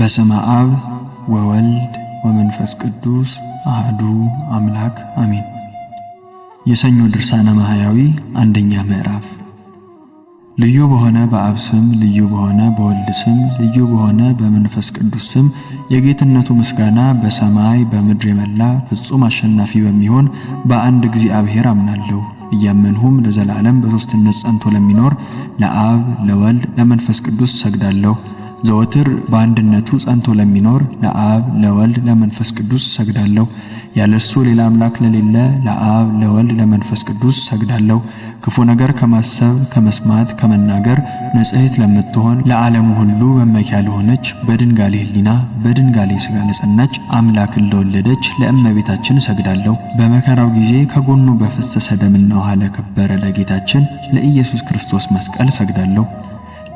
በስመ አብ ወወልድ ወመንፈስ ቅዱስ አህዱ አምላክ አሜን። የሰኞ ድርሳነ ማህያዊ አንደኛ ምዕራፍ ልዩ በሆነ በአብ ስም ልዩ በሆነ በወልድ ስም ልዩ በሆነ በመንፈስ ቅዱስ ስም የጌትነቱ ምስጋና በሰማይ በምድር የመላ ፍጹም አሸናፊ በሚሆን በአንድ እግዚአብሔር አምናለሁ እያመንሁም ለዘላለም በሦስትነት ጸንቶ ለሚኖር ለአብ ለወልድ ለመንፈስ ቅዱስ ሰግዳለሁ። ዘወትር በአንድነቱ ጸንቶ ለሚኖር ለአብ ለወልድ ለመንፈስ ቅዱስ ሰግዳለሁ። ያለ እርሱ ሌላ አምላክ ለሌለ ለአብ ለወልድ ለመንፈስ ቅዱስ ሰግዳለሁ። ክፉ ነገር ከማሰብ ከመስማት፣ ከመናገር ንጽሕት ለምትሆን ለዓለሙ ሁሉ መመኪያ ለሆነች በድንጋሌ ሕሊና በድንጋሌ ሥጋ ለጸናች አምላክን ለወለደች ለእመቤታችን ሰግዳለሁ። በመከራው ጊዜ ከጎኑ በፈሰሰ ደምና ውሃ ለከበረ ለጌታችን ለኢየሱስ ክርስቶስ መስቀል ሰግዳለሁ።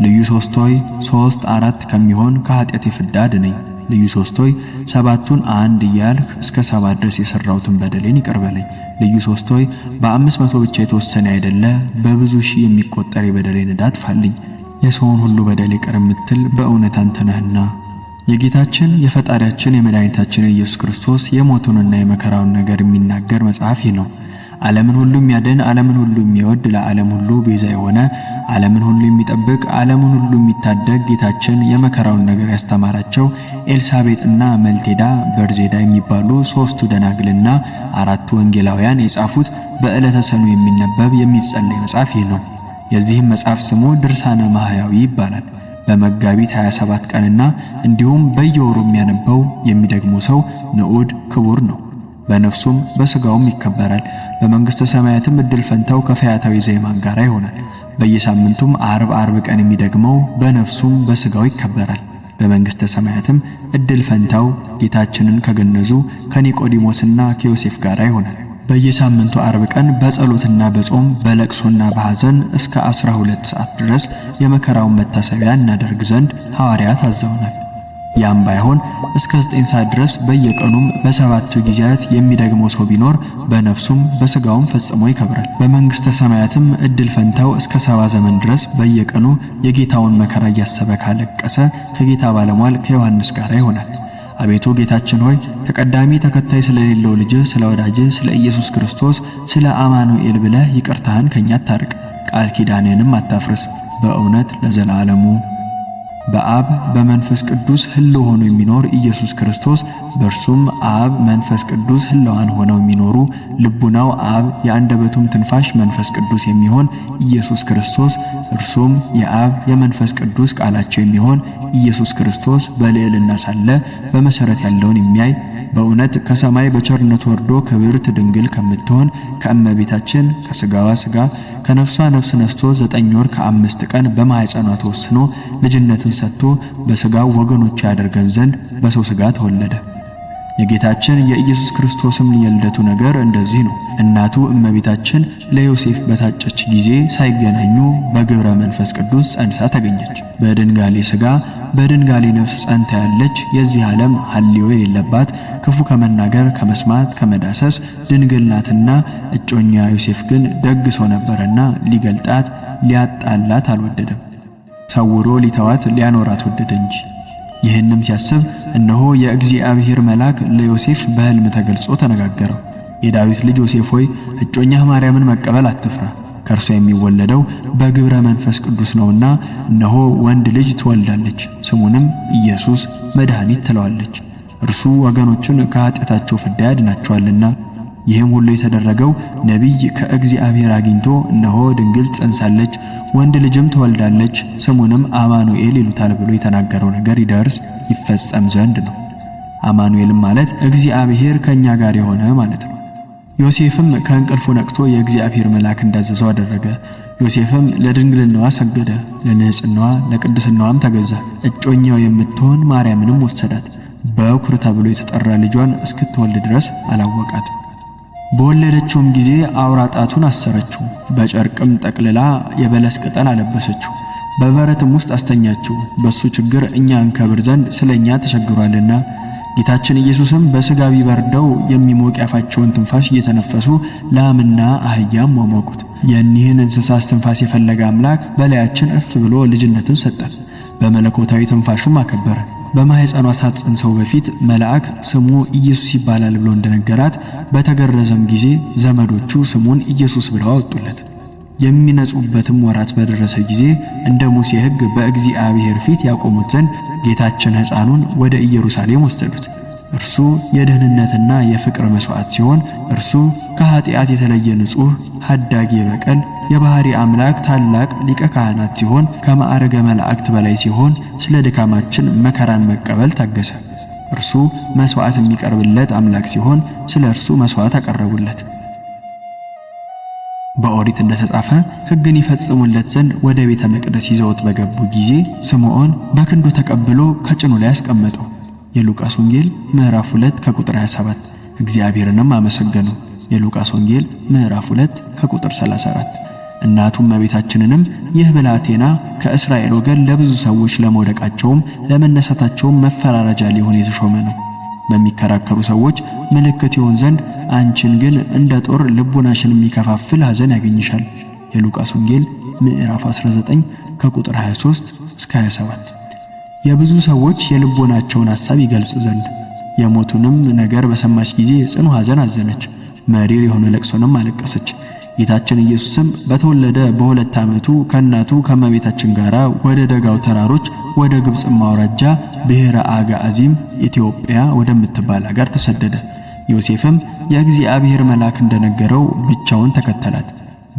ልዩ ሶስቶይ ሶስት አራት ከሚሆን ከኃጢአት የፍዳ አድነኝ። ልዩ ሶስቶይ ሰባቱን አንድ እያልህ እስከ ሰባ ድረስ የሰራሁትን በደሌን ይቅርበለኝ። ልዩ ሶስቶይ በአምስት መቶ ብቻ የተወሰነ አይደለ በብዙ ሺህ የሚቆጠር የበደሌን ዕዳ አጥፋልኝ። የሰውን ሁሉ በደል ይቅር የምትል በእውነት አንተ ነህና። የጌታችን የፈጣሪያችን የመድኃኒታችን የኢየሱስ ክርስቶስ የሞቱንና የመከራውን ነገር የሚናገር መጽሐፍ ይህ ነው። ዓለምን ሁሉ የሚያድን ዓለምን ሁሉ የሚወድ ለዓለም ሁሉ ቤዛ የሆነ ዓለምን ሁሉ የሚጠብቅ ዓለምን ሁሉ የሚታደግ ጌታችን የመከራውን ነገር ያስተማራቸው ኤልሳቤጥና መልቴዳ በርዜዳ የሚባሉ ሶስቱ ደናግልና አራቱ ወንጌላውያን የጻፉት በዕለተ ሰኑ የሚነበብ የሚጸለይ መጽሐፍ ይህ ነው። የዚህም መጽሐፍ ስሙ ድርሳነ ማህያዊ ይባላል። በመጋቢት 27 ቀንና እንዲሁም በየወሩ የሚያነበው የሚደግሙ ሰው ንዑድ ክቡር ነው። በነፍሱም በስጋውም ይከበራል። በመንግስተ ሰማያትም እድል ፈንታው ከፈያታዊ ዘይማን ጋር ይሆናል። በየሳምንቱም አርብ አርብ ቀን የሚደግመው በነፍሱም በስጋው ይከበራል። በመንግስተ ሰማያትም እድል ፈንታው ጌታችንን ከገነዙ ከኒቆዲሞስና ከዮሴፍ ጋር ይሆናል። በየሳምንቱ አርብ ቀን በጸሎትና በጾም በለቅሶና በሐዘን እስከ 12 ሰዓት ድረስ የመከራውን መታሰቢያ እናደርግ ዘንድ ሐዋርያት አዘውናል። ያም ባይሆን እስከ 9 ሰዓት ድረስ በየቀኑም በሰባቱ ጊዜያት የሚደግመው ሰው ቢኖር በነፍሱም በስጋውም ፈጽሞ ይከብራል። በመንግስተ ሰማያትም እድል ፈንታው እስከ ሰባ ዘመን ድረስ በየቀኑ የጌታውን መከራ እያሰበ ካለቀሰ ከጌታ ባለሟል ከዮሐንስ ጋር ይሆናል። አቤቱ ጌታችን ሆይ ተቀዳሚ ተከታይ ስለሌለው ልጅ ስለ ወዳጅ ስለ ኢየሱስ ክርስቶስ ስለ አማኑኤል ብለህ ይቅርታህን ከኛ አታርቅ፣ ቃል ኪዳንህንም አታፍርስ በእውነት ለዘላለሙ በአብ በመንፈስ ቅዱስ ሕልው ሆኖ የሚኖር ኢየሱስ ክርስቶስ በእርሱም አብ መንፈስ ቅዱስ ሕልዋን ሆነው የሚኖሩ ልቡናው አብ የአንደበቱም ትንፋሽ መንፈስ ቅዱስ የሚሆን ኢየሱስ ክርስቶስ እርሱም የአብ የመንፈስ ቅዱስ ቃላቸው የሚሆን ኢየሱስ ክርስቶስ በልዕልና ሳለ በመሠረት ያለውን የሚያይ በእውነት ከሰማይ በቸርነት ወርዶ ክብርት ድንግል ከምትሆን ከእመቤታችን ከስጋዋ ስጋ ከነፍሷ ነፍስ ነስቶ ዘጠኝ ወር ከአምስት ቀን በማኅፀኗ ተወስኖ ልጅነትን ሰጥቶ በስጋው ወገኖች ያደርገን ዘንድ በሰው ስጋ ተወለደ። የጌታችን የኢየሱስ ክርስቶስም የልደቱ ነገር እንደዚህ ነው። እናቱ እመቤታችን ለዮሴፍ በታጨች ጊዜ ሳይገናኙ በግብረ መንፈስ ቅዱስ ጸንሳ ተገኘች። በድንጋሌ ሥጋ በድንጋሌ ነፍስ ጸንታ ያለች የዚህ ዓለም ሐልዮ የሌለባት ክፉ ከመናገር ከመስማት ከመዳሰስ ድንግል ናትና፣ እጮኛ ዮሴፍ ግን ደግ ሰው ነበረና ሊገልጣት ሊያጣላት አልወደደም። ሰውሮ ሊተዋት ሊያኖራት ወደደ እንጂ ይህንም ሲያስብ እነሆ የእግዚአብሔር መልአክ ለዮሴፍ በሕልም ተገልጾ ተነጋገረው። የዳዊት ልጅ ዮሴፍ ሆይ እጮኛህ ማርያምን መቀበል አትፍራ፣ ከእርሷ የሚወለደው በግብረ መንፈስ ቅዱስ ነውና እነሆ ወንድ ልጅ ትወልዳለች፣ ስሙንም ኢየሱስ መድኃኒት ትለዋለች። እርሱ ወገኖቹን ከኃጢአታቸው ፍዳ ያድናቸዋልና ይህም ሁሉ የተደረገው ነቢይ ከእግዚአብሔር አግኝቶ እነሆ ድንግል ጸንሳለች፣ ወንድ ልጅም ትወልዳለች፣ ስሙንም አማኑኤል ይሉታል ብሎ የተናገረው ነገር ይደርስ ይፈጸም ዘንድ ነው። አማኑኤልም ማለት እግዚአብሔር ከእኛ ጋር የሆነ ማለት ነው። ዮሴፍም ከእንቅልፉ ነቅቶ የእግዚአብሔር መልአክ እንዳዘዘው አደረገ። ዮሴፍም ለድንግልናዋ ሰገደ፣ ለንጽሕናዋ ለቅድስናዋም ተገዛ። እጮኛው የምትሆን ማርያምንም ወሰዳት። በኩር ተብሎ የተጠራ ልጇን እስክትወልድ ድረስ አላወቃትም በወለደችውም ጊዜ አውራ ጣቱን አሰረችው፣ በጨርቅም ጠቅልላ የበለስ ቅጠል አለበሰችው፣ በበረትም ውስጥ አስተኛችው። በሱ ችግር እኛ እንከብር ዘንድ ስለ እኛ ተቸግሯልና። ጌታችን ኢየሱስም በሥጋ ቢበርደው የሚሞቅ ያፋቸውን ትንፋሽ እየተነፈሱ ላምና አህያም ሞሞቁት። የኒህን እንስሳ ትንፋስ የፈለገ አምላክ በላያችን እፍ ብሎ ልጅነትን ሰጠን፣ በመለኮታዊ ትንፋሹም አከበረን። በማህፀኗ ሳትጸንሰው በፊት መልአክ ስሙ ኢየሱስ ይባላል ብሎ እንደነገራት በተገረዘም ጊዜ ዘመዶቹ ስሙን ኢየሱስ ብለው አወጡለት። የሚነጹበትም ወራት በደረሰ ጊዜ እንደ ሙሴ ሕግ በእግዚአብሔር ፊት ያቆሙት ዘንድ ጌታችን ሕፃኑን ወደ ኢየሩሳሌም ወሰዱት። እርሱ የደህንነትና የፍቅር መስዋዕት ሲሆን እርሱ ከኃጢአት የተለየ ንጹሕ ሐዳጊ የበቀል የባህሪ አምላክ ታላቅ ሊቀ ካህናት ሲሆን ከማዕረገ መላእክት በላይ ሲሆን ስለ ድካማችን መከራን መቀበል ታገሰ። እርሱ መስዋዕት የሚቀርብለት አምላክ ሲሆን ስለ እርሱ መስዋዕት አቀረቡለት። በኦሪት እንደተጻፈ ሕግን ይፈጽሙለት ዘንድ ወደ ቤተ መቅደስ ይዘውት በገቡ ጊዜ ስምዖን በክንዱ ተቀብሎ ከጭኑ ላይ አስቀመጠው። የሉቃስ ወንጌል ምዕራፍ 2 ከቁጥር 27። እግዚአብሔርንም አመሰገኑ። የሉቃስ ወንጌል ምዕራፍ 2 ከቁጥር 34። እናቱም እመቤታችንንም ይህ ብላቴና ከእስራኤል ወገን ለብዙ ሰዎች ለመውደቃቸውም ለመነሳታቸውም መፈራረጃ ሊሆን የተሾመ ነው በሚከራከሩ ሰዎች ምልክት ይሆን ዘንድ አንቺን ግን እንደ ጦር ልቡናሽን የሚከፋፍል ሐዘን ያገኝሻል። የሉቃስ ወንጌል ምዕራፍ 19 ከቁጥር 23 እስከ 27 የብዙ ሰዎች የልቦናቸውን ሐሳብ ይገልጽ ዘንድ። የሞቱንም ነገር በሰማች ጊዜ ጽኑ ሐዘን አዘነች፣ መሪር የሆነ ለቅሶንም አለቀሰች። ጌታችን ኢየሱስም በተወለደ በሁለት ዓመቱ ከእናቱ ከእመቤታችን ጋር ወደ ደጋው ተራሮች ወደ ግብፅ ማውራጃ ብሔረ አዚም ኢትዮጵያ ወደምትባል አገር ተሰደደ። ዮሴፍም የእግዚአብሔር መልአክ እንደነገረው ብቻውን ተከተላት።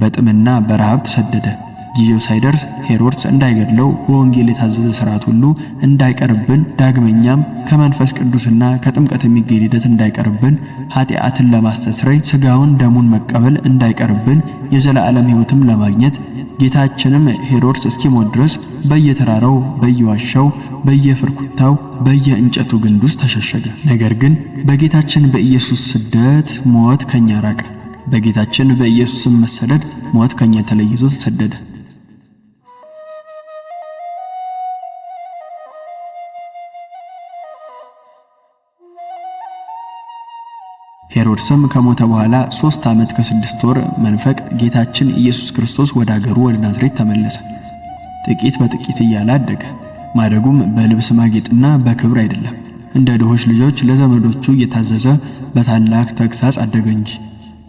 በጥምና በረሃብ ተሰደደ። ጊዜው ሳይደርስ ሄሮድስ እንዳይገድለው በወንጌል የታዘዘ ስርዓት ሁሉ እንዳይቀርብን፣ ዳግመኛም ከመንፈስ ቅዱስና ከጥምቀት የሚገኝ ሂደት እንዳይቀርብን፣ ኃጢአትን ለማስተስረይ ስጋውን ደሙን መቀበል እንዳይቀርብን፣ የዘላለም ህይወትም ለማግኘት ጌታችንም ሄሮድስ እስኪሞት ድረስ በየተራራው፣ በየዋሻው፣ በየፍርኩታው፣ በየእንጨቱ ግንድ ውስጥ ተሸሸገ። ነገር ግን በጌታችን በኢየሱስ ስደት ሞት ከኛ ራቀ። በጌታችን በኢየሱስም መሰደድ ሞት ከኛ ተለይቶ ተሰደደ። ሄሮድስም ከሞተ በኋላ ሦስት ዓመት ከስድስት ወር መንፈቅ ጌታችን ኢየሱስ ክርስቶስ ወደ አገሩ ወደ ናዝሬት ተመለሰ። ጥቂት በጥቂት እያለ አደገ። ማደጉም በልብስ ማጌጥና በክብር አይደለም፣ እንደ ድሆች ልጆች ለዘመዶቹ እየታዘዘ በታላቅ ተግሳጽ አደገ እንጂ።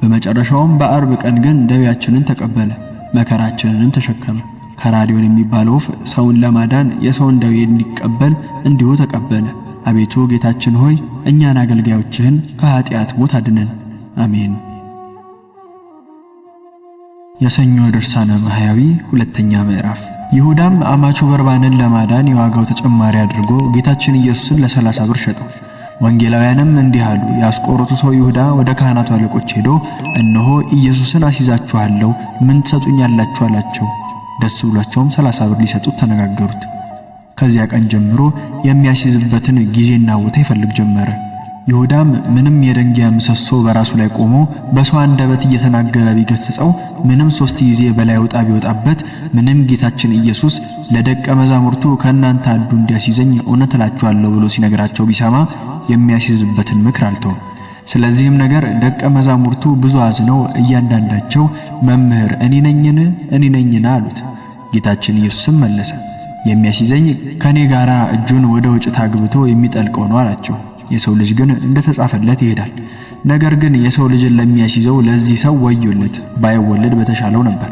በመጨረሻውም በአርብ ቀን ግን ደዌያችንን ተቀበለ፣ መከራችንንም ተሸከመ። ከራዲዮን የሚባለው ወፍ ሰውን ለማዳን የሰውን ደዌ እንዲቀበል እንዲሁ ተቀበለ። አቤቱ ጌታችን ሆይ እኛን አገልጋዮችህን ከኀጢአት ሞት አድነን። አሜን። የሰኞ ድርሳነ ማህያዊ ሁለተኛ ምዕራፍ ይሁዳም አማቹ በርባንን ለማዳን የዋጋው ተጨማሪ አድርጎ ጌታችን ኢየሱስን ለሰላሳ ብር ሸጠው። ወንጌላውያንም እንዲህ አሉ፣ ሰው ይሁዳ ወደ ካህናቱ አለቆች ሄዶ እነሆ ኢየሱስን አስይዛችኋለሁ፣ ምን ትሰጡኛላችሁ? አላቸው። ደስ ብሏቸውም ሰላሳ ብር ሊሰጡት ተነጋገሩት። ከዚያ ቀን ጀምሮ የሚያስይዝበትን ጊዜና ቦታ ይፈልግ ጀመር። ይሁዳም ምንም የደንጊያ ምሰሶ በራሱ ላይ ቆሞ በሰው አንደበት እየተናገረ ቢገስጸው ምንም ሶስት ጊዜ በላይ ወጣ ቢወጣበት ምንም ጌታችን ኢየሱስ ለደቀ መዛሙርቱ ከእናንተ አንዱ እንዲያስይዘኝ እውነት እላችኋለሁ ብሎ ሲነግራቸው ቢሰማ የሚያስይዝበትን ምክር አልተው። ስለዚህም ነገር ደቀ መዛሙርቱ ብዙ አዝነው እያንዳንዳቸው መምህር እኔ ነኝን እኔ ነኝና አሉት። ጌታችን ኢየሱስም መለሰ የሚያስይዘኝ ከእኔ ጋር እጁን ወደ ወጭት አግብቶ የሚጠልቀው ነው አላቸው። የሰው ልጅ ግን እንደተጻፈለት ይሄዳል። ነገር ግን የሰው ልጅን ለሚያስይዘው ለዚህ ሰው ወዮለት፣ ባይወለድ በተሻለው ነበር።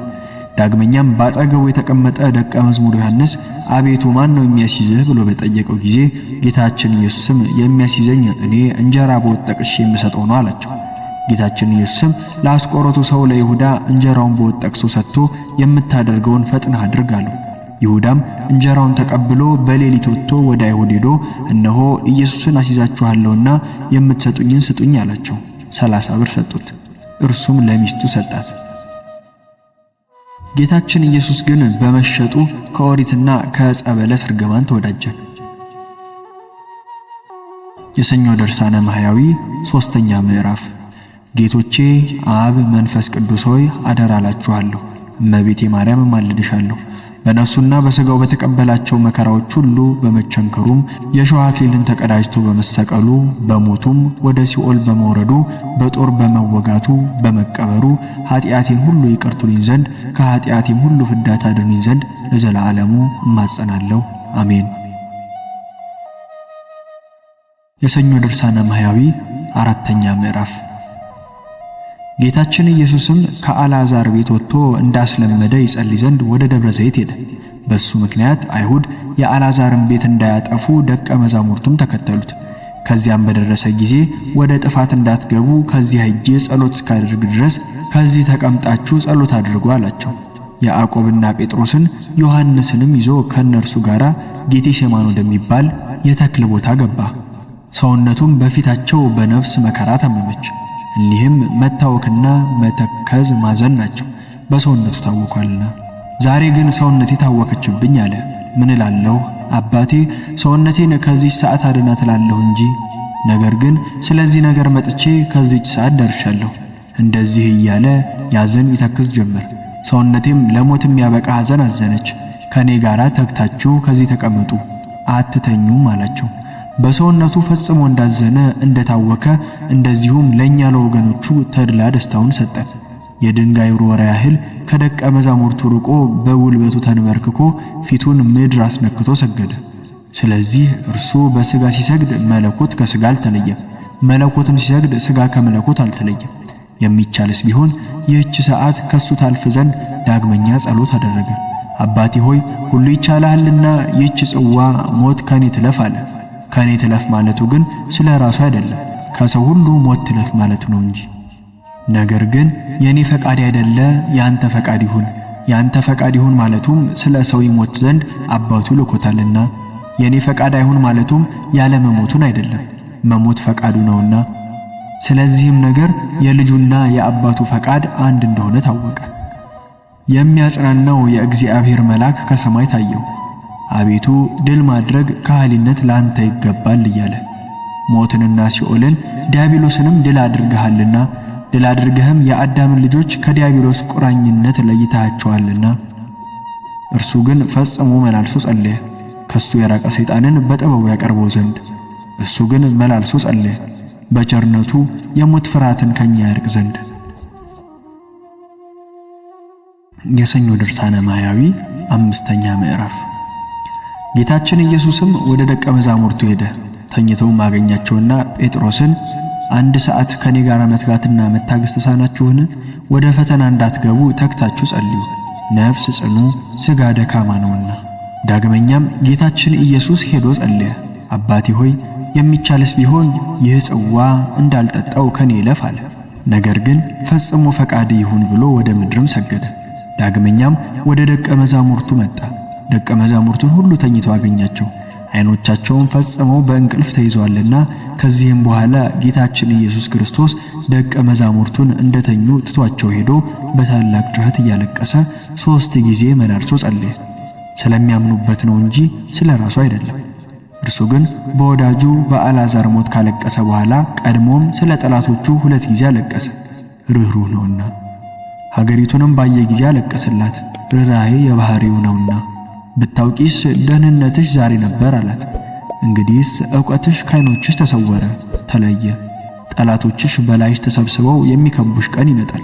ዳግመኛም በአጠገቡ የተቀመጠ ደቀ መዝሙር ዮሐንስ አቤቱ ማን ነው የሚያስይዝህ ብሎ በጠየቀው ጊዜ ጌታችን ኢየሱስም የሚያስይዘኝ እኔ እንጀራ በወጥ ጠቅሼ የምሰጠው ነው አላቸው። ጌታችን ኢየሱስም ለአስቆረቱ ሰው ለይሁዳ እንጀራውን በወጥ ጠቅሶ ሰጥቶ የምታደርገውን ፈጥነህ አድርግ አለው። ይሁዳም እንጀራውን ተቀብሎ በሌሊት ወጥቶ ወደ አይሁድ ሄዶ እነሆ ኢየሱስን አስይዛችኋለሁና የምትሰጡኝን ስጡኝ አላቸው። ሰላሳ ብር ሰጡት፣ እርሱም ለሚስቱ ሰጣት። ጌታችን ኢየሱስ ግን በመሸጡ ከኦሪትና ከዕፀ በለስ ርግማን ተወዳጀን። የሰኞ ድርሳነ ማህያዊ ሶስተኛ ምዕራፍ ጌቶቼ አብ መንፈስ ቅዱስ ሆይ አደራላችኋለሁ እመቤቴ ማርያም እማልድሻለሁ በነፍሱና በሥጋው በተቀበላቸው መከራዎች ሁሉ በመቸንከሩም የእሾህ አክሊልን ተቀዳጅቶ በመሰቀሉ በሞቱም ወደ ሲኦል በመውረዱ በጦር በመወጋቱ በመቀበሩ ኃጢአቴን ሁሉ ይቅርቱልኝ ዘንድ ከኃጢአቴም ሁሉ ፍዳ ታድኑኝ ዘንድ ለዘላለሙ እማጸናለሁ አሜን። የሰኞ ድርሳነ ማህያዊ አራተኛ ምዕራፍ ጌታችን ኢየሱስም ከአልዓዛር ቤት ወጥቶ እንዳስለመደ ይጸልይ ዘንድ ወደ ደብረ ዘይት ሄደ። በሱ ምክንያት አይሁድ የአልዓዛርን ቤት እንዳያጠፉ ደቀ መዛሙርቱም ተከተሉት። ከዚያም በደረሰ ጊዜ ወደ ጥፋት እንዳትገቡ ከዚህ ሄጄ ጸሎት እስካደርግ ድረስ ከዚህ ተቀምጣችሁ ጸሎት አድርጉ አላቸው። ያዕቆብና ጴጥሮስን ዮሐንስንም ይዞ ከእነርሱ ጋር ጌቴሴማኒ ወደሚባል የተክል ቦታ ገባ። ሰውነቱም በፊታቸው በነፍስ መከራ ተመመች። እኒህም መታወክና መተከዝ ማዘን ናቸው፣ በሰውነቱ ታውኳልና። ዛሬ ግን ሰውነቴ ታወከችብኝ አለ። ምን እላለሁ? አባቴ ሰውነቴን ከዚች ሰዓት አድና ትላለሁ እንጂ ነገር ግን ስለዚህ ነገር መጥቼ ከዚች ሰዓት ደርሻለሁ። እንደዚህ እያለ ያዘን ይተክዝ ጀመር። ሰውነቴም ለሞት የሚያበቃ ሐዘን አዘነች። ከእኔ ጋር ተግታችሁ ከዚህ ተቀመጡ አትተኙም አላቸው። በሰውነቱ ፈጽሞ እንዳዘነ እንደታወከ፣ እንደዚሁም ለእኛ ለወገኖቹ ተድላ ደስታውን ሰጠን። የድንጋይ ውርወራ ያህል ከደቀ መዛሙርቱ ርቆ በጉልበቱ ተንበርክኮ ፊቱን ምድር አስነክቶ ሰገደ። ስለዚህ እርሱ በሥጋ ሲሰግድ መለኮት ከሥጋ አልተለየም፣ መለኮትም ሲሰግድ ሥጋ ከመለኮት አልተለየም። የሚቻልስ ቢሆን ይህች ሰዓት ከሱ ታልፍ ዘንድ ዳግመኛ ጸሎት አደረገ። አባቴ ሆይ ሁሉ ይቻልሃልና ይህች ጽዋ ሞት ከኔ ትለፍ አለ። ከእኔ ትለፍ ማለቱ ግን ስለ ራሱ አይደለም፣ ከሰው ሁሉ ሞት ትለፍ ማለቱ ነው እንጂ። ነገር ግን የእኔ ፈቃድ አይደለ የአንተ ፈቃድ ይሁን፣ የአንተ ፈቃድ ይሁን ማለቱም ስለ ሰው ይሞት ዘንድ አባቱ ልኮታልና፣ የእኔ ፈቃድ አይሁን ማለቱም ያለ መሞቱን አይደለም፣ መሞት ፈቃዱ ነውና። ስለዚህም ነገር የልጁና የአባቱ ፈቃድ አንድ እንደሆነ ታወቀ። የሚያጽናናው የእግዚአብሔር መልአክ ከሰማይ ታየው። አቤቱ ድል ማድረግ ከሃሊነት ላንተ ይገባል እያለ ሞትንና ሲኦልን ዲያብሎስንም ድል አድርገሃልና ድል አድርገህም የአዳምን ልጆች ከዲያብሎስ ቁራኝነት ለይተሃቸዋልና። እርሱ ግን ፈጽሞ መላልሶ ጸለየ፣ ከሱ የራቀ ሰይጣንን በጥበቡ ያቀርበው ዘንድ። እሱ ግን መላልሶ ጸለየ፣ በቸርነቱ የሞት ፍርሃትን ከኛ ያርቅ ዘንድ። የሰኞ ድርሳነ ማያዊ አምስተኛ ምዕራፍ ጌታችን ኢየሱስም ወደ ደቀ መዛሙርቱ ሄደ። ተኝተውም አገኛቸውና ጴጥሮስን አንድ ሰዓት ከኔ ጋር መትጋትና መታገስ ተሳናችሁን? ወደ ፈተና እንዳትገቡ ተግታችሁ ጸልዩ፣ ነፍስ ጽኑ፣ ሥጋ ደካማ ነውና። ዳግመኛም ጌታችን ኢየሱስ ሄዶ ጸለየ። አባቴ ሆይ የሚቻልስ ቢሆን ይህ ጽዋ እንዳልጠጣው ከኔ ይለፍ አለ። ነገር ግን ፈጽሞ ፈቃድ ይሁን ብሎ ወደ ምድርም ሰገደ። ዳግመኛም ወደ ደቀ መዛሙርቱ መጣ። ደቀ መዛሙርቱን ሁሉ ተኝተው አገኛቸው። ዓይኖቻቸውን ፈጽመው በእንቅልፍ ተይዘዋልና። ከዚህም በኋላ ጌታችን ኢየሱስ ክርስቶስ ደቀ መዛሙርቱን እንደተኙ ትቷቸው ሄዶ በታላቅ ጩኸት እያለቀሰ ሦስት ጊዜ መላልሶ ጸለየ። ስለሚያምኑበት ነው እንጂ ስለ ራሱ አይደለም። እርሱ ግን በወዳጁ በአልዓዛር ሞት ካለቀሰ በኋላ ቀድሞም ስለ ጠላቶቹ ሁለት ጊዜ አለቀሰ፣ ርኅሩህ ነውና። ሀገሪቱንም ባየ ጊዜ አለቀሰላት፣ ርኅራኄ የባሕሪው ነውና። ብታውቂስ ደህንነትሽ ዛሬ ነበር አላት። እንግዲህስ ዕውቀትሽ ካይኖችሽ ተሰወረ፣ ተለየ። ጠላቶችሽ በላይሽ ተሰብስበው የሚከቡሽ ቀን ይመጣል።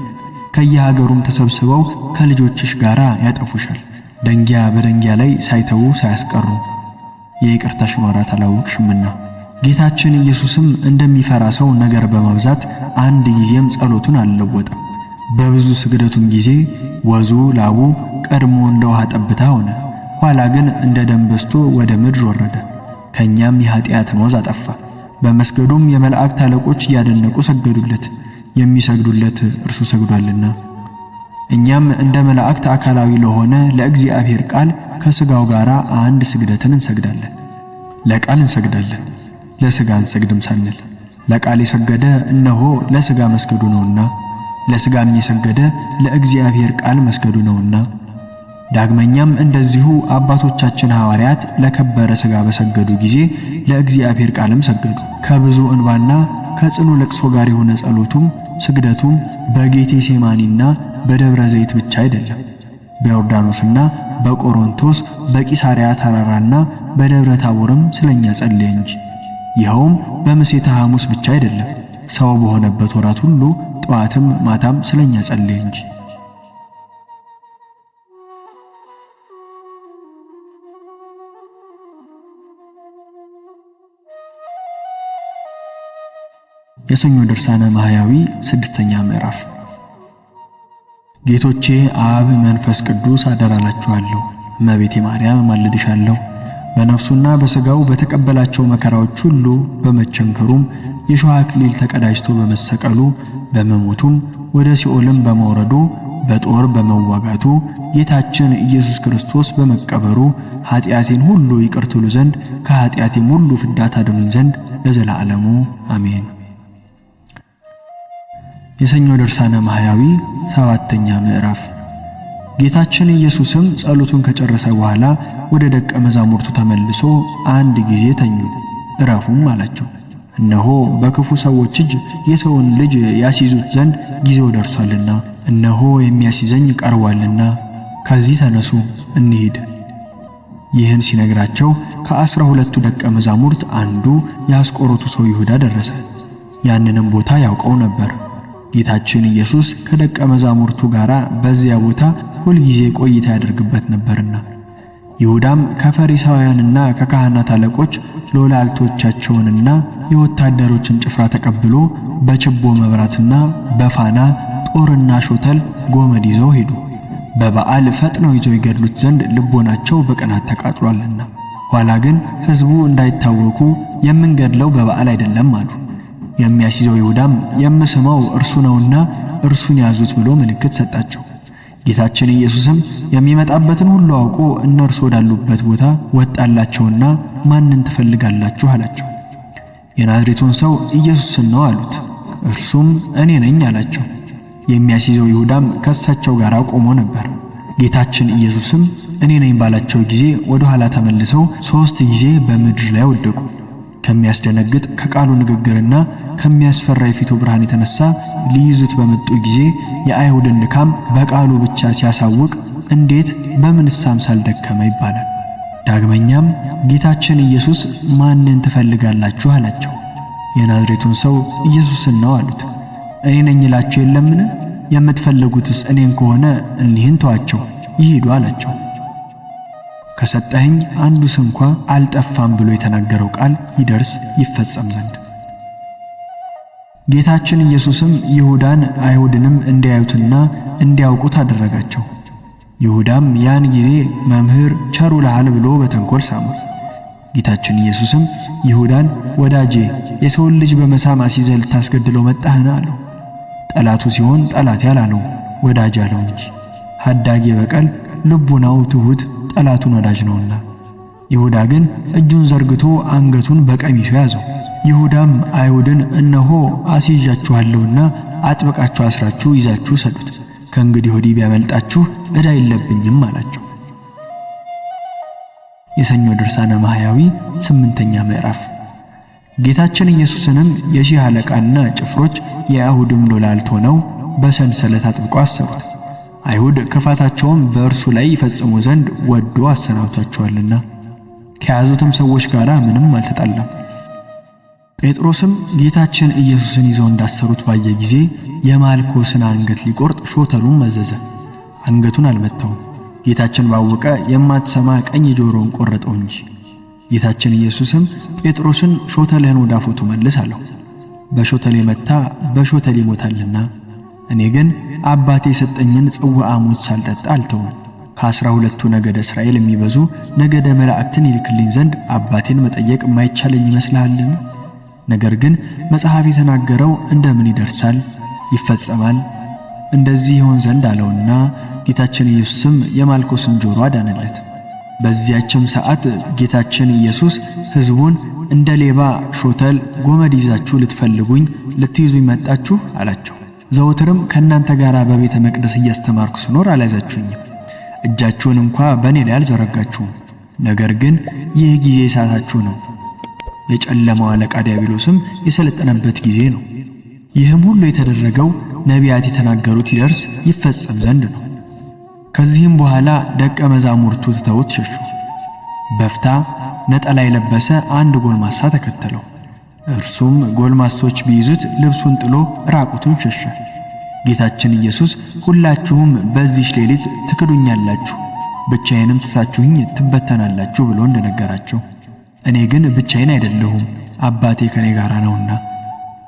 ከየሀገሩም ተሰብስበው ከልጆችሽ ጋር ያጠፉሻል። ደንጊያ በደንጊያ ላይ ሳይተዉ ሳያስቀሩ የይቅርታሽን ወራት አላወቅሽምና። ጌታችን ኢየሱስም እንደሚፈራ ሰው ነገር በማብዛት አንድ ጊዜም ጸሎቱን አልለወጠም። በብዙ ስግደቱም ጊዜ ወዙ ላቡ ቀድሞ እንደ ውሃ ጠብታ ሆነ። ኋላ ግን እንደ ደም በስቶ ወደ ምድር ወረደ፣ ከእኛም የኀጢአትን ወዝ አጠፋ። በመስገዱም የመላእክት አለቆች እያደነቁ ሰገዱለት፣ የሚሰግዱለት እርሱ ሰግዷልና። እኛም እንደ መላእክት አካላዊ ለሆነ ለእግዚአብሔር ቃል ከሥጋው ጋር አንድ ስግደትን እንሰግዳለን። ለቃል እንሰግዳለን፣ ለሥጋ እንሰግድም ሳንል ለቃል የሰገደ እነሆ ለሥጋ መስገዱ ነውና፣ ለሥጋም የሰገደ ለእግዚአብሔር ቃል መስገዱ ነውና ዳግመኛም እንደዚሁ አባቶቻችን ሐዋርያት ለከበረ ሥጋ በሰገዱ ጊዜ ለእግዚአብሔር ቃልም ሰገዱ። ከብዙ እንባና ከጽኑ ለቅሶ ጋር የሆነ ጸሎቱም ስግደቱም በጌቴ ሴማኒና በደብረ ዘይት ብቻ አይደለም። በዮርዳኖስና በቆሮንቶስ በቂሳሪያ ተራራና በደብረ ታቦርም ስለኛ ጸለየ እንጂ። ይኸውም በምሴተ ሐሙስ ብቻ አይደለም፣ ሰው በሆነበት ወራት ሁሉ ጠዋትም ማታም ስለኛ ጸለየ እንጂ። የሰኞ ድርሳነ ማህያዊ ስድስተኛ ምዕራፍ ጌቶቼ አብ መንፈስ ቅዱስ አደራላችኋለሁ። እመቤቴ ማርያም እማልድሻለሁ። በነፍሱና በሥጋው በተቀበላቸው መከራዎች ሁሉ በመቸንከሩም የሾህ አክሊል ተቀዳጅቶ በመሰቀሉ በመሞቱም ወደ ሲኦልም በመውረዱ በጦር በመዋጋቱ ጌታችን ኢየሱስ ክርስቶስ በመቀበሩ ኃጢአቴን ሁሉ ይቅር ዘንድ ከኃጢአቴም ሁሉ ፍዳ ታድኑኝ ዘንድ ለዘላለሙ አሜን። የሰኞ ድርሳነ ማህያዊ ሰባተኛ ምዕራፍ። ጌታችን ኢየሱስም ጸሎቱን ከጨረሰ በኋላ ወደ ደቀ መዛሙርቱ ተመልሶ አንድ ጊዜ ተኙ፣ እረፉም አላቸው። እነሆ በክፉ ሰዎች እጅ የሰውን ልጅ ያስይዙት ዘንድ ጊዜው ደርሷልና፣ እነሆ የሚያስይዘኝ ቀርቧልና ከዚህ ተነሱ እንሂድ። ይህን ሲነግራቸው ከአስራ ሁለቱ ደቀ መዛሙርት አንዱ የአስቆሮቱ ሰው ይሁዳ ደረሰ። ያንንም ቦታ ያውቀው ነበር። ጌታችን ኢየሱስ ከደቀ መዛሙርቱ ጋር በዚያ ቦታ ሁልጊዜ ቆይታ ያደርግበት ነበርና። ይሁዳም ከፈሪሳውያንና ከካህናት አለቆች ሎላልቶቻቸውንና የወታደሮችን ጭፍራ ተቀብሎ በችቦ መብራትና በፋና ጦርና ሾተል ጎመድ ይዘው ሄዱ። በበዓል ፈጥነው ይዘው ይገድሉት ዘንድ ልቦናቸው በቅናት ተቃጥሏልና። ኋላ ግን ሕዝቡ እንዳይታወቁ የምንገድለው በበዓል አይደለም አሉ። የሚያስይዘው ይሁዳም የምስመው እርሱ ነውና እርሱን ያዙት ብሎ ምልክት ሰጣቸው። ጌታችን ኢየሱስም የሚመጣበትን ሁሉ አውቆ እነርሱ ወዳሉበት ቦታ ወጣላቸውና ማንን ትፈልጋላችሁ አላቸው። የናዝሬቱን ሰው ኢየሱስን ነው አሉት። እርሱም እኔ ነኝ አላቸው። የሚያስይዘው ይሁዳም ከእሳቸው ጋር ቆሞ ነበር። ጌታችን ኢየሱስም እኔ ነኝ ባላቸው ጊዜ ወደ ኋላ ተመልሰው ሦስት ጊዜ በምድር ላይ ወደቁ። ከሚያስደነግጥ ከቃሉ ንግግርና ከሚያስፈራ የፊቱ ብርሃን የተነሳ ሊይዙት በመጡ ጊዜ የአይሁድን ድካም በቃሉ ብቻ ሲያሳውቅ እንዴት በምንስ አምሳል ደከመ ይባላል። ዳግመኛም ጌታችን ኢየሱስ ማንን ትፈልጋላችሁ አላቸው። የናዝሬቱን ሰው ኢየሱስን ነው አሉት። እኔ ነኝ እላችሁ የለምን? የምትፈልጉትስ እኔን ከሆነ እኒህን ተዋቸው ይሄዱ አላቸው። ከሰጠኸኝ አንዱ ስንኳ አልጠፋም ብሎ የተናገረው ቃል ይደርስ ይፈጸም ዘንድ ጌታችን ኢየሱስም ይሁዳን አይሁድንም እንዲያዩትና እንዲያውቁት አደረጋቸው። ይሁዳም ያን ጊዜ መምህር ቸሩ ልሃል ብሎ በተንኮል ሳሙት። ጌታችን ኢየሱስም ይሁዳን ወዳጄ የሰውን ልጅ በመሳም አስይዘህ ልታስገድለው መጣህን አለው። ጠላቱ ሲሆን ጠላቴ አላለው ወዳጅ አለው እንጂ። ሀዳጌ በቀል ልቡናው ትሁት ጠላቱን ወዳጅ ነውና። ይሁዳ ግን እጁን ዘርግቶ አንገቱን በቀሚሱ ያዘው። ይሁዳም አይሁድን እነሆ አስይዣችኋለሁና አጥብቃችሁ አስራችሁ ይዛችሁ ሰዱት፣ ከእንግዲህ ወዲህ ቢያመልጣችሁ ዕዳ የለብኝም አላቸው። የሰኞ ድርሳነ ማህያዊ ስምንተኛ ምዕራፍ ጌታችን ኢየሱስንም የሺህ አለቃና ጭፍሮች የአይሁድም ሎላልት ሆነው በሰንሰለት አጥብቀው አሰሩት። አይሁድ ክፋታቸውን በእርሱ ላይ ይፈጽሙ ዘንድ ወዶ አሰናብቷቸዋልና ከያዙትም ሰዎች ጋር ምንም አልተጣላም። ጴጥሮስም ጌታችን ኢየሱስን ይዘው እንዳሰሩት ባየ ጊዜ የማልኮስን አንገት ሊቆርጥ ሾተሉን መዘዘ። አንገቱን አልመታውም። ጌታችን ባወቀ የማትሰማ ቀኝ ጆሮውን ቆረጠው እንጂ። ጌታችን ኢየሱስም ጴጥሮስን ሾተልህን ወደ አፎቱ መልስ አለው። በሾተል የመታ በሾተል ይሞታልና እኔ ግን አባቴ የሰጠኝን ጽዋ ሐሞት ሳልጠጣ አልተውም። ከአስራ ሁለቱ ነገደ እስራኤል የሚበዙ ነገደ መላእክትን ይልክልኝ ዘንድ አባቴን መጠየቅ የማይቻለኝ ይመስልሃልን? ነገር ግን መጽሐፍ የተናገረው እንደምን ይደርሳል ይፈጸማል፣ እንደዚህ ይሆን ዘንድ አለውና ጌታችን ኢየሱስም የማልኮስን ጆሮ አዳነለት። በዚያችም ሰዓት ጌታችን ኢየሱስ ሕዝቡን እንደ ሌባ ሾተል ጎመድ ይዛችሁ ልትፈልጉኝ ልትይዙኝ መጣችሁ አላቸው። ዘውትርም ከእናንተ ጋር በቤተ መቅደስ እያስተማርኩ ስኖር አልያዛችሁኝም፣ እጃችሁን እንኳ በእኔ ላይ አልዘረጋችሁም። ነገር ግን ይህ ጊዜ ሰዓታችሁ ነው፣ የጨለማው አለቃ ዲያብሎስም የሰለጠነበት ጊዜ ነው። ይህም ሁሉ የተደረገው ነቢያት የተናገሩት ይደርስ ይፈጸም ዘንድ ነው። ከዚህም በኋላ ደቀ መዛሙርቱ ትተውት ሸሹ። በፍታ ነጠላ የለበሰ አንድ ጎልማሳ ተከተለው። እርሱም ጎልማሶች ቢይዙት ልብሱን ጥሎ ራቁቱን ሸሸ። ጌታችን ኢየሱስ ሁላችሁም በዚህ ሌሊት ትክዱኛላችሁ፣ ብቻዬንም ትታችሁኝ ትበተናላችሁ ብሎ እንደነገራቸው እኔ ግን ብቻዬን አይደለሁም አባቴ ከኔ ጋር ነውና።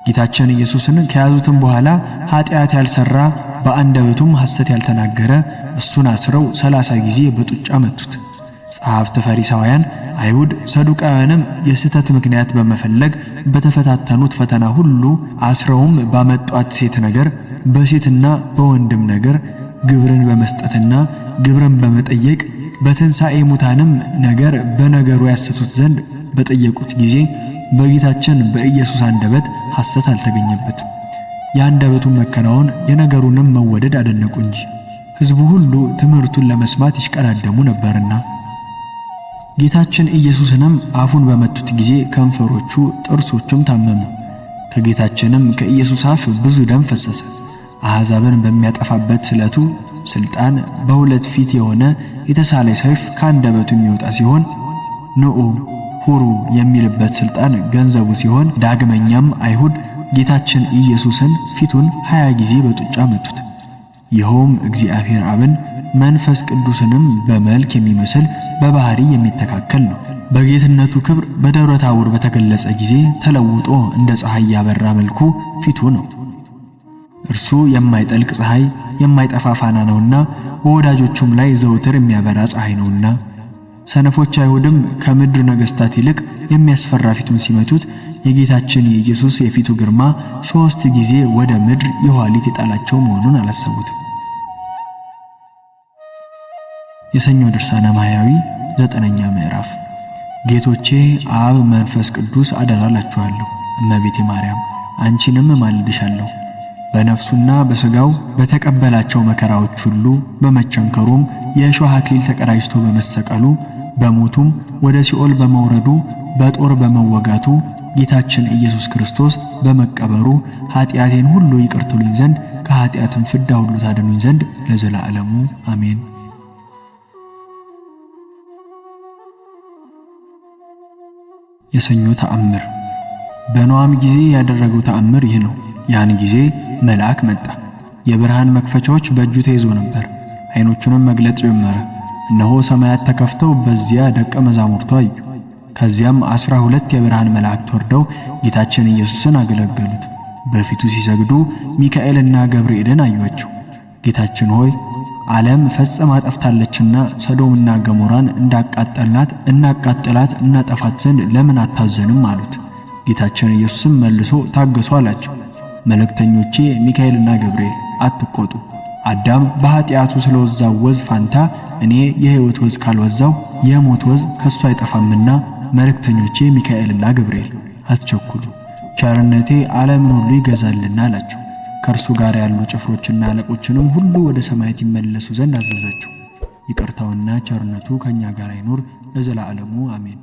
ጌታችን ኢየሱስን ከያዙትም በኋላ ኃጢአት ያልሰራ በአንደበቱም ሐሰት ያልተናገረ እሱን አስረው ሰላሳ ጊዜ በጡጫ መቱት። ጸሐፍተ ፈሪሳውያን አይሁድ ሰዱቃውያንም የስህተት ምክንያት በመፈለግ በተፈታተኑት ፈተና ሁሉ አስረውም ባመጧት ሴት ነገር በሴትና በወንድም ነገር ግብርን በመስጠትና ግብርን በመጠየቅ በትንሣኤ ሙታንም ነገር በነገሩ ያስቱት ዘንድ በጠየቁት ጊዜ በጌታችን በኢየሱስ አንደበት ሐሰት አልተገኘበትም። የአንደበቱን መከናወን የነገሩንም መወደድ አደነቁ እንጂ ሕዝቡ ሁሉ ትምህርቱን ለመስማት ይሽቀዳደሙ ነበርና። ጌታችን ኢየሱስንም አፉን በመቱት ጊዜ ከንፈሮቹ ጥርሶቹም ታመሙ። ከጌታችንም ከኢየሱስ አፍ ብዙ ደም ፈሰሰ። አሕዛብን በሚያጠፋበት ስለቱ ሥልጣን በሁለት ፊት የሆነ የተሳለ ሰይፍ ከአንደበቱ የሚወጣ ሲሆን ንዑ ሁሩ የሚልበት ሥልጣን ገንዘቡ ሲሆን፣ ዳግመኛም አይሁድ ጌታችን ኢየሱስን ፊቱን ሃያ ጊዜ በጡጫ መቱት። ይኸውም እግዚአብሔር አብን መንፈስ ቅዱስንም በመልክ የሚመስል በባህሪ የሚተካከል ነው። በጌትነቱ ክብር በደብረ ታቦር በተገለጸ ጊዜ ተለውጦ እንደ ፀሐይ ያበራ መልኩ ፊቱ ነው። እርሱ የማይጠልቅ ፀሐይ የማይጠፋ ፋና ነውና በወዳጆቹም ላይ ዘውትር የሚያበራ ፀሐይ ነውና ሰነፎች አይሁድም ከምድር ነገሥታት ይልቅ የሚያስፈራ ፊቱን ሲመቱት የጌታችን የኢየሱስ የፊቱ ግርማ ሦስት ጊዜ ወደ ምድር የኋሊት የጣላቸው መሆኑን አላሰቡትም። የሰኞ ድርሳነ ማሕያዊ ዘጠነኛ ምዕራፍ ጌቶቼ አብ መንፈስ ቅዱስ አደራላችኋለሁ። እመቤቴ ማርያም አንቺንም እማልድሻለሁ። በነፍሱና በሥጋው በተቀበላቸው መከራዎች ሁሉ በመቸንከሩም የእሾህ አክሊል ተቀዳጅቶ በመሰቀሉ በሞቱም ወደ ሲኦል በመውረዱ በጦር በመወጋቱ ጌታችን ኢየሱስ ክርስቶስ በመቀበሩ ኃጢአቴን ሁሉ ይቅርትሉኝ ዘንድ ከኃጢአትም ፍዳ ሁሉ ታድኑኝ ዘንድ ለዘላለሙ አሜን። የሰኞ ተአምር። በኖዓም ጊዜ ያደረገው ተአምር ይህ ነው። ያን ጊዜ መልአክ መጣ። የብርሃን መክፈቻዎች በእጁ ተይዞ ነበር። ዓይኖቹንም መግለጽ ጀመረ። እነሆ ሰማያት ተከፍተው በዚያ ደቀ መዛሙርቱ አዩ። ከዚያም ዐሥራ ሁለት የብርሃን መላእክት ወርደው ጌታችን ኢየሱስን አገለገሉት። በፊቱ ሲሰግዱ ሚካኤልና ገብርኤልን አዩአቸው። ጌታችን ሆይ ዓለም ፈጽማ ጠፍታለችና ሰዶምና ገሞራን እንዳቃጠልናት እናቃጥላት እናጠፋት ዘንድ ለምን አታዘንም አሉት። ጌታችን ኢየሱስም መልሶ ታገሱ አላቸው። መልእክተኞቼ ሚካኤልና ገብርኤል አትቆጡ። አዳም በኃጢአቱ ስለወዛው ወዝ ፋንታ እኔ የሕይወት ወዝ ካልወዛው የሞት ወዝ ከሱ አይጠፋምና መልእክተኞቼ ሚካኤልና ገብርኤል አትቸኩሉ፣ ቸርነቴ ዓለምን ሁሉ ይገዛልና አላቸው። ከእርሱ ጋር ያሉ ጭፍሮችና አለቆችንም ሁሉ ወደ ሰማያት ይመለሱ ዘንድ አዘዛቸው። ይቅርታውና ቸርነቱ ከእኛ ጋር ለዘላ ለዘላለሙ አሜን።